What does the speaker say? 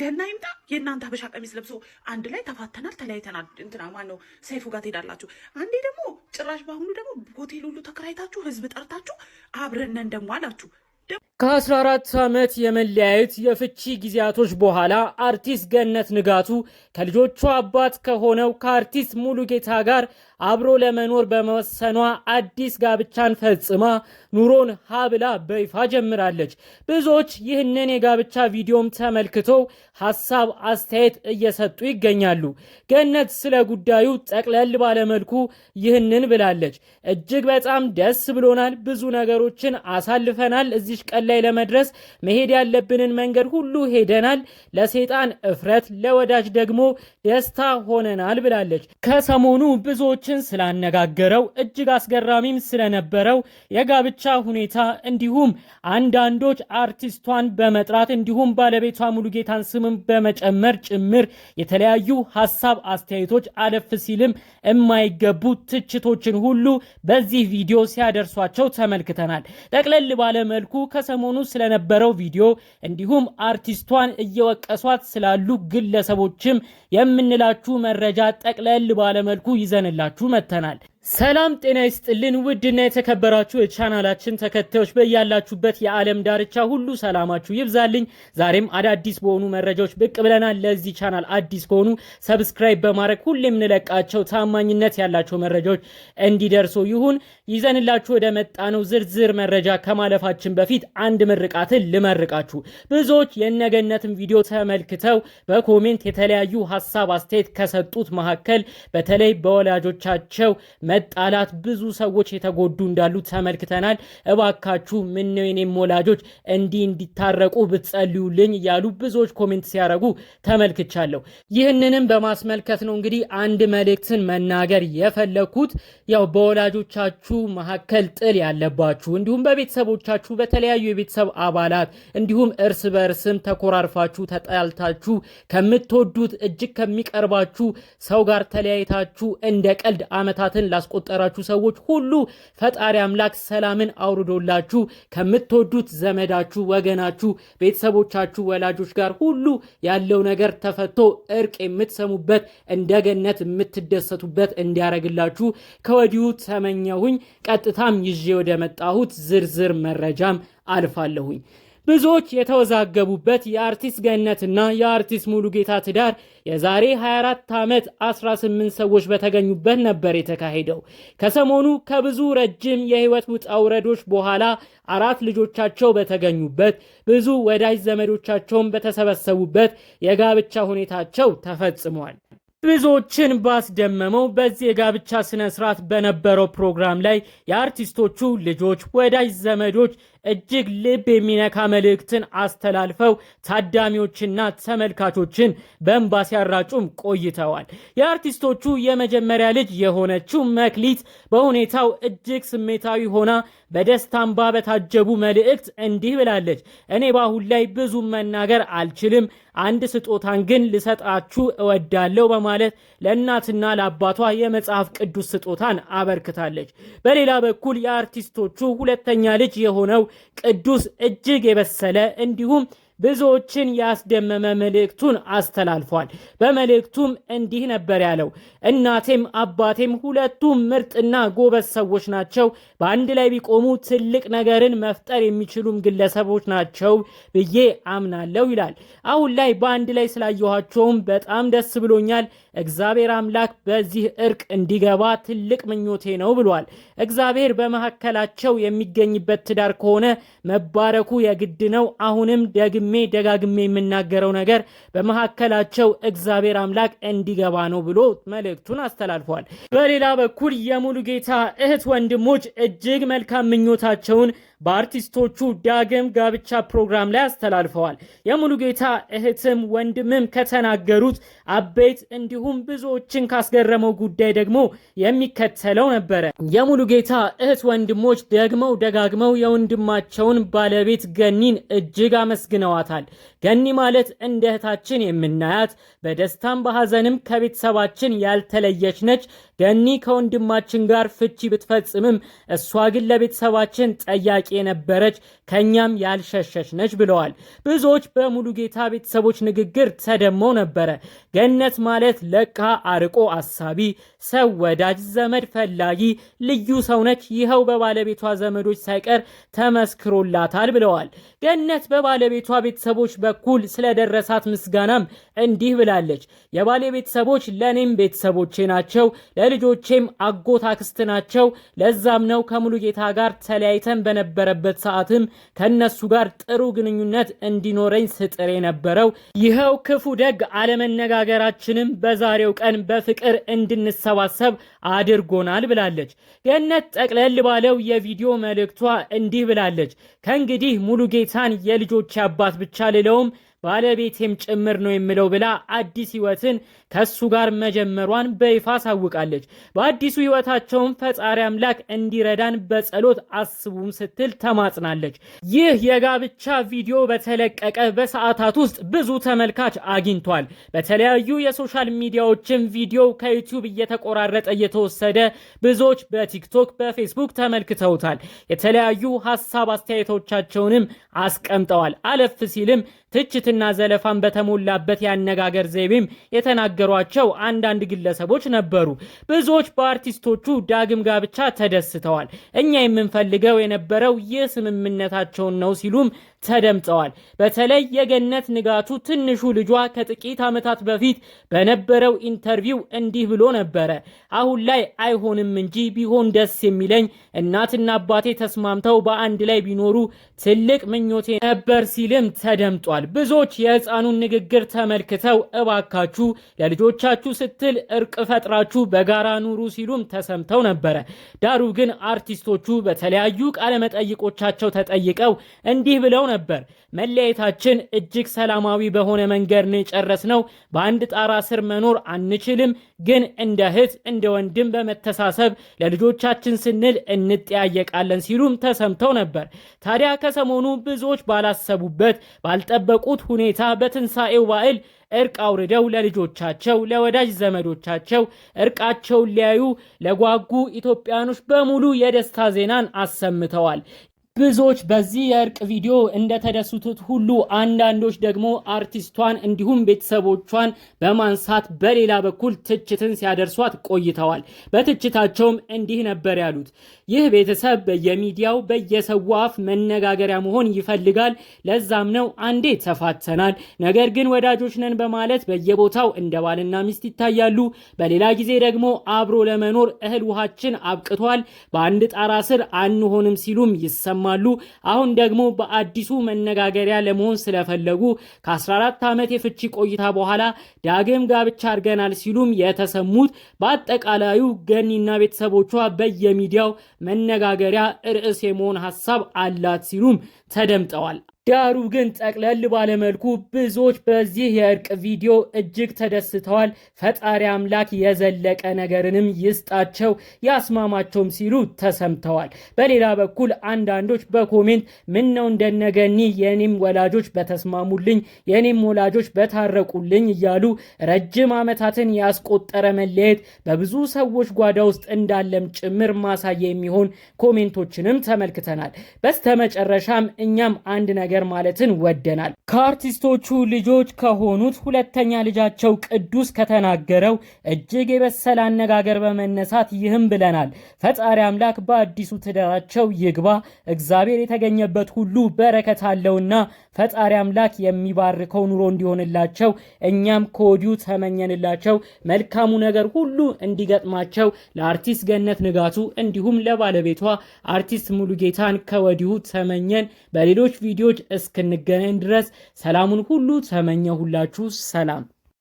ገና ይምጣ የእናንተ ሀበሻ ቀሚስ ለብሶ አንድ ላይ ተፋተናል፣ ተለያይተናል፣ እንትና ማን ነው ሰይፉ ጋር ትሄዳላችሁ። አንዴ ደግሞ ጭራሽ በአሁኑ ደግሞ ሆቴል ሁሉ ተከራይታችሁ ህዝብ ጠርታችሁ አብረነን ደግሞ አላችሁ። ከ14 ዓመት የመለያየት የፍቺ ጊዜያቶች በኋላ አርቲስት ገነት ንጋቱ ከልጆቹ አባት ከሆነው ከአርቲስት ሙሉጌታ ጋር አብሮ ለመኖር በመወሰኗ አዲስ ጋብቻን ፈጽማ ኑሮን ሀብላ በይፋ ጀምራለች። ብዙዎች ይህንን የጋብቻ ቪዲዮም ተመልክተው ሀሳብ፣ አስተያየት እየሰጡ ይገኛሉ። ገነት ስለ ጉዳዩ ጠቅለል ባለመልኩ ይህንን ብላለች። እጅግ በጣም ደስ ብሎናል። ብዙ ነገሮችን አሳልፈናል። እዚህ በዚህ ቀን ላይ ለመድረስ መሄድ ያለብንን መንገድ ሁሉ ሄደናል። ለሴጣን እፍረት፣ ለወዳጅ ደግሞ ደስታ ሆነናል ብላለች። ከሰሞኑ ብዙዎችን ስላነጋገረው እጅግ አስገራሚም ስለነበረው የጋብቻ ሁኔታ እንዲሁም አንዳንዶች አርቲስቷን በመጥራት እንዲሁም ባለቤቷ ሙሉጌታን ስምም በመጨመር ጭምር የተለያዩ ሀሳብ አስተያየቶች አለፍ ሲልም የማይገቡ ትችቶችን ሁሉ በዚህ ቪዲዮ ሲያደርሷቸው ተመልክተናል። ጠቅለል ባለ መልኩ ከሰሞኑ ስለነበረው ቪዲዮ እንዲሁም አርቲስቷን እየወቀሷት ስላሉ ግለሰቦችም የምንላችሁ መረጃ ጠቅለል ባለመልኩ ይዘንላችሁ መጥተናል። ሰላም ጤና ይስጥልን ውድና የተከበራችሁ የቻናላችን ተከታዮች በያላችሁበት የዓለም ዳርቻ ሁሉ ሰላማችሁ ይብዛልኝ። ዛሬም አዳዲስ በሆኑ መረጃዎች ብቅ ብለናል። ለዚህ ቻናል አዲስ ከሆኑ ሰብስክራይብ በማድረግ ሁሌ የምንለቃቸው ታማኝነት ያላቸው መረጃዎች እንዲደርሱ ይሁን። ይዘንላችሁ ወደ መጣነው ዝርዝር መረጃ ከማለፋችን በፊት አንድ ምርቃትን ልመርቃችሁ። ብዙዎች የነገነትን ቪዲዮ ተመልክተው በኮሜንት የተለያዩ ሀሳብ አስተያየት ከሰጡት መካከል በተለይ በወላጆቻቸው መጣላት ብዙ ሰዎች የተጎዱ እንዳሉ ተመልክተናል። እባካችሁ ምን ነው የኔም ወላጆች እንዲህ እንዲታረቁ ብትጸልዩልኝ እያሉ ብዙዎች ኮሜንት ሲያደርጉ ተመልክቻለሁ። ይህንንም በማስመልከት ነው እንግዲህ አንድ መልእክትን መናገር የፈለግኩት። ያው በወላጆቻችሁ መካከል ጥል ያለባችሁ እንዲሁም በቤተሰቦቻችሁ በተለያዩ የቤተሰብ አባላት እንዲሁም እርስ በርስም ተኮራርፋችሁ ተጣልታችሁ ከምትወዱት እጅግ ከሚቀርባችሁ ሰው ጋር ተለያይታችሁ እንደ ቀልድ ዓመታትን ያስቆጠራችሁ ሰዎች ሁሉ ፈጣሪ አምላክ ሰላምን አውርዶላችሁ ከምትወዱት ዘመዳችሁ፣ ወገናችሁ፣ ቤተሰቦቻችሁ፣ ወላጆች ጋር ሁሉ ያለው ነገር ተፈቶ እርቅ የምትሰሙበት እንደ ገነት የምትደሰቱበት እንዲያደርግላችሁ ከወዲሁ ተመኘሁኝ። ቀጥታም ይዤ ወደ መጣሁት ዝርዝር መረጃም አልፋለሁኝ። ብዙዎች የተወዛገቡበት የአርቲስት ገነትና የአርቲስት ሙሉጌታ ትዳር የዛሬ 24 ዓመት 18 ሰዎች በተገኙበት ነበር የተካሄደው። ከሰሞኑ ከብዙ ረጅም የህይወት ውጣ ውረዶች በኋላ አራት ልጆቻቸው በተገኙበት ብዙ ወዳጅ ዘመዶቻቸውን በተሰበሰቡበት የጋብቻ ሁኔታቸው ተፈጽሟል። ብዙዎችን ባስደመመው በዚህ የጋብቻ ስነ ስርዓት በነበረው ፕሮግራም ላይ የአርቲስቶቹ ልጆች፣ ወዳጅ ዘመዶች እጅግ ልብ የሚነካ መልእክትን አስተላልፈው ታዳሚዎችና ተመልካቾችን በእንባ ሲያራጩም ቆይተዋል። የአርቲስቶቹ የመጀመሪያ ልጅ የሆነችው መክሊት በሁኔታው እጅግ ስሜታዊ ሆና በደስታ እንባ በታጀቡ መልእክት እንዲህ ብላለች። እኔ በአሁን ላይ ብዙ መናገር አልችልም፣ አንድ ስጦታን ግን ልሰጣችሁ እወዳለሁ በማለት ለእናትና ለአባቷ የመጽሐፍ ቅዱስ ስጦታን አበርክታለች። በሌላ በኩል የአርቲስቶቹ ሁለተኛ ልጅ የሆነው ቅዱስ እጅግ የበሰለ እንዲሁም ብዙዎችን ያስደመመ መልእክቱን አስተላልፏል። በመልእክቱም እንዲህ ነበር ያለው፣ እናቴም አባቴም ሁለቱም ምርጥና ጎበዝ ሰዎች ናቸው። በአንድ ላይ ቢቆሙ ትልቅ ነገርን መፍጠር የሚችሉም ግለሰቦች ናቸው ብዬ አምናለሁ ይላል። አሁን ላይ በአንድ ላይ ስላየኋቸውም በጣም ደስ ብሎኛል። እግዚአብሔር አምላክ በዚህ እርቅ እንዲገባ ትልቅ ምኞቴ ነው ብሏል። እግዚአብሔር በመካከላቸው የሚገኝበት ትዳር ከሆነ መባረኩ የግድ ነው። አሁንም ደግም ደግሜ ደጋግሜ የምናገረው ነገር በመካከላቸው እግዚአብሔር አምላክ እንዲገባ ነው ብሎ መልእክቱን አስተላልፏል። በሌላ በኩል የሙሉ ጌታ እህት ወንድሞች እጅግ መልካም ምኞታቸውን በአርቲስቶቹ ዳግም ጋብቻ ፕሮግራም ላይ አስተላልፈዋል። የሙሉጌታ እህትም ወንድምም ከተናገሩት አበይት እንዲሁም ብዙዎችን ካስገረመው ጉዳይ ደግሞ የሚከተለው ነበረ። የሙሉጌታ እህት ወንድሞች ደግመው ደጋግመው የወንድማቸውን ባለቤት ገኒን እጅግ አመስግነዋታል። ገኒ ማለት እንደ እህታችን የምናያት በደስታም በሐዘንም ከቤተሰባችን ያልተለየች ነች። ገኒ ከወንድማችን ጋር ፍቺ ብትፈጽምም እሷ ግን ለቤተሰባችን ጠያቂ ታዋቂ የነበረች ከእኛም ያልሸሸች ነች ብለዋል። ብዙዎች በሙሉጌታ ቤተሰቦች ንግግር ተደመው ነበረ። ገነት ማለት ለቃ አርቆ አሳቢ፣ ሰው ወዳጅ፣ ዘመድ ፈላጊ ልዩ ሰው ነች። ይኸው በባለቤቷ ዘመዶች ሳይቀር ተመስክሮላታል ብለዋል። ገነት በባለቤቷ ቤተሰቦች በኩል ስለደረሳት ምስጋናም እንዲህ ብላለች። የባሌ ቤተሰቦች ለእኔም ቤተሰቦቼ ናቸው፣ ለልጆቼም አጎት አክስት ናቸው። ለዛም ነው ከሙሉጌታ ጋር ተለያይተን በነበ በነበረበት ሰዓትም ከነሱ ጋር ጥሩ ግንኙነት እንዲኖረኝ ስጥር የነበረው ይኸው ክፉ ደግ አለመነጋገራችንም በዛሬው ቀን በፍቅር እንድንሰባሰብ አድርጎናል ብላለች። ገነት ጠቅለል ባለው የቪዲዮ መልእክቷ እንዲህ ብላለች። ከእንግዲህ ጌታን የልጆች አባት ብቻ ልለውም ባለቤቴም ጭምር ነው የምለው ብላ አዲስ ህይወትን ከሱ ጋር መጀመሯን በይፋ አሳውቃለች። በአዲሱ ህይወታቸውን ፈጣሪ አምላክ እንዲረዳን በጸሎት አስቡም ስትል ተማጽናለች። ይህ የጋብቻ ቪዲዮ በተለቀቀ በሰዓታት ውስጥ ብዙ ተመልካች አግኝቷል። በተለያዩ የሶሻል ሚዲያዎችም ቪዲዮ ከዩቲዩብ እየተቆራረጠ እየተወሰደ ብዙዎች በቲክቶክ በፌስቡክ ተመልክተውታል። የተለያዩ ሀሳብ አስተያየቶቻቸውንም አስቀምጠዋል። አለፍ ሲልም ትችትና ዘለፋን በተሞላበት የአነጋገር ዘይቤም የተናገሯቸው አንዳንድ ግለሰቦች ነበሩ። ብዙዎች በአርቲስቶቹ ዳግም ጋብቻ ተደስተዋል። እኛ የምንፈልገው የነበረው ይህ ስምምነታቸውን ነው ሲሉም ተደምጠዋል። በተለይ የገነት ንጋቱ ትንሹ ልጇ ከጥቂት ዓመታት በፊት በነበረው ኢንተርቪው እንዲህ ብሎ ነበረ። አሁን ላይ አይሆንም እንጂ ቢሆን ደስ የሚለኝ እናትና አባቴ ተስማምተው በአንድ ላይ ቢኖሩ ትልቅ ምኞቴ ነበር ሲልም ተደምጧል። ብዙዎች የህፃኑን ንግግር ተመልክተው እባካችሁ ለልጆቻችሁ ስትል እርቅ ፈጥራችሁ በጋራ ኑሩ ሲሉም ተሰምተው ነበረ። ዳሩ ግን አርቲስቶቹ በተለያዩ ቃለመጠይቆቻቸው ተጠይቀው እንዲህ ብለው ነበር ነበር። መለያየታችን እጅግ ሰላማዊ በሆነ መንገድ ነው በአንድ ጣራ ስር መኖር አንችልም፣ ግን እንደ እህት እንደ ወንድም በመተሳሰብ ለልጆቻችን ስንል እንጠያየቃለን ሲሉም ተሰምተው ነበር። ታዲያ ከሰሞኑ ብዙዎች ባላሰቡበት ባልጠበቁት ሁኔታ በትንሣኤው በዓል እርቅ አውርደው ለልጆቻቸው ለወዳጅ ዘመዶቻቸው እርቃቸውን ሊያዩ ለጓጉ ኢትዮጵያኖች በሙሉ የደስታ ዜናን አሰምተዋል። ብዙዎች በዚህ የእርቅ ቪዲዮ እንደተደሰቱት ሁሉ አንዳንዶች ደግሞ አርቲስቷን እንዲሁም ቤተሰቦቿን በማንሳት በሌላ በኩል ትችትን ሲያደርሷት ቆይተዋል። በትችታቸውም እንዲህ ነበር ያሉት። ይህ ቤተሰብ በየሚዲያው በየሰው አፍ መነጋገሪያ መሆን ይፈልጋል። ለዛም ነው አንዴ ተፋተናል፣ ነገር ግን ወዳጆች ነን በማለት በየቦታው እንደ ባልና ሚስት ይታያሉ። በሌላ ጊዜ ደግሞ አብሮ ለመኖር እህል ውሃችን አብቅቷል፣ በአንድ ጣራ ስር አንሆንም ሲሉም ይሰማል አሉ። አሁን ደግሞ በአዲሱ መነጋገሪያ ለመሆን ስለፈለጉ ከ14 ዓመት የፍቺ ቆይታ በኋላ ዳግም ጋብቻ አድርገናል ሲሉም የተሰሙት በአጠቃላዩ ገኒና ቤተሰቦቿ በየሚዲያው መነጋገሪያ ርዕስ የመሆን ሀሳብ አላት ሲሉም ተደምጠዋል። ዳሩ ግን ጠቅለል ባለመልኩ ብዙዎች በዚህ የእርቅ ቪዲዮ እጅግ ተደስተዋል። ፈጣሪ አምላክ የዘለቀ ነገርንም ይስጣቸው ያስማማቸውም ሲሉ ተሰምተዋል። በሌላ በኩል አንዳንዶች በኮሜንት ምን ነው እንደነገኒ የኔም ወላጆች በተስማሙልኝ፣ የኔም ወላጆች በታረቁልኝ እያሉ ረጅም ዓመታትን ያስቆጠረ መለየት በብዙ ሰዎች ጓዳ ውስጥ እንዳለም ጭምር ማሳያ የሚሆን ኮሜንቶችንም ተመልክተናል። በስተመጨረሻም እኛም አንድ ነገር ነገር ማለትን ወደናል። ከአርቲስቶቹ ልጆች ከሆኑት ሁለተኛ ልጃቸው ቅዱስ ከተናገረው እጅግ የበሰለ አነጋገር በመነሳት ይህም ብለናል። ፈጣሪ አምላክ በአዲሱ ትዳራቸው ይግባ። እግዚአብሔር የተገኘበት ሁሉ በረከት አለውና ፈጣሪ አምላክ የሚባርከው ኑሮ እንዲሆንላቸው እኛም ከወዲሁ ተመኘንላቸው። መልካሙ ነገር ሁሉ እንዲገጥማቸው ለአርቲስት ገነት ንጋቱ እንዲሁም ለባለቤቷ አርቲስት ሙሉጌታን ከወዲሁ ተመኘን። በሌሎች ቪዲዮዎች እስክንገናኝ ድረስ ሰላሙን ሁሉ ተመኘሁላችሁ። ሰላም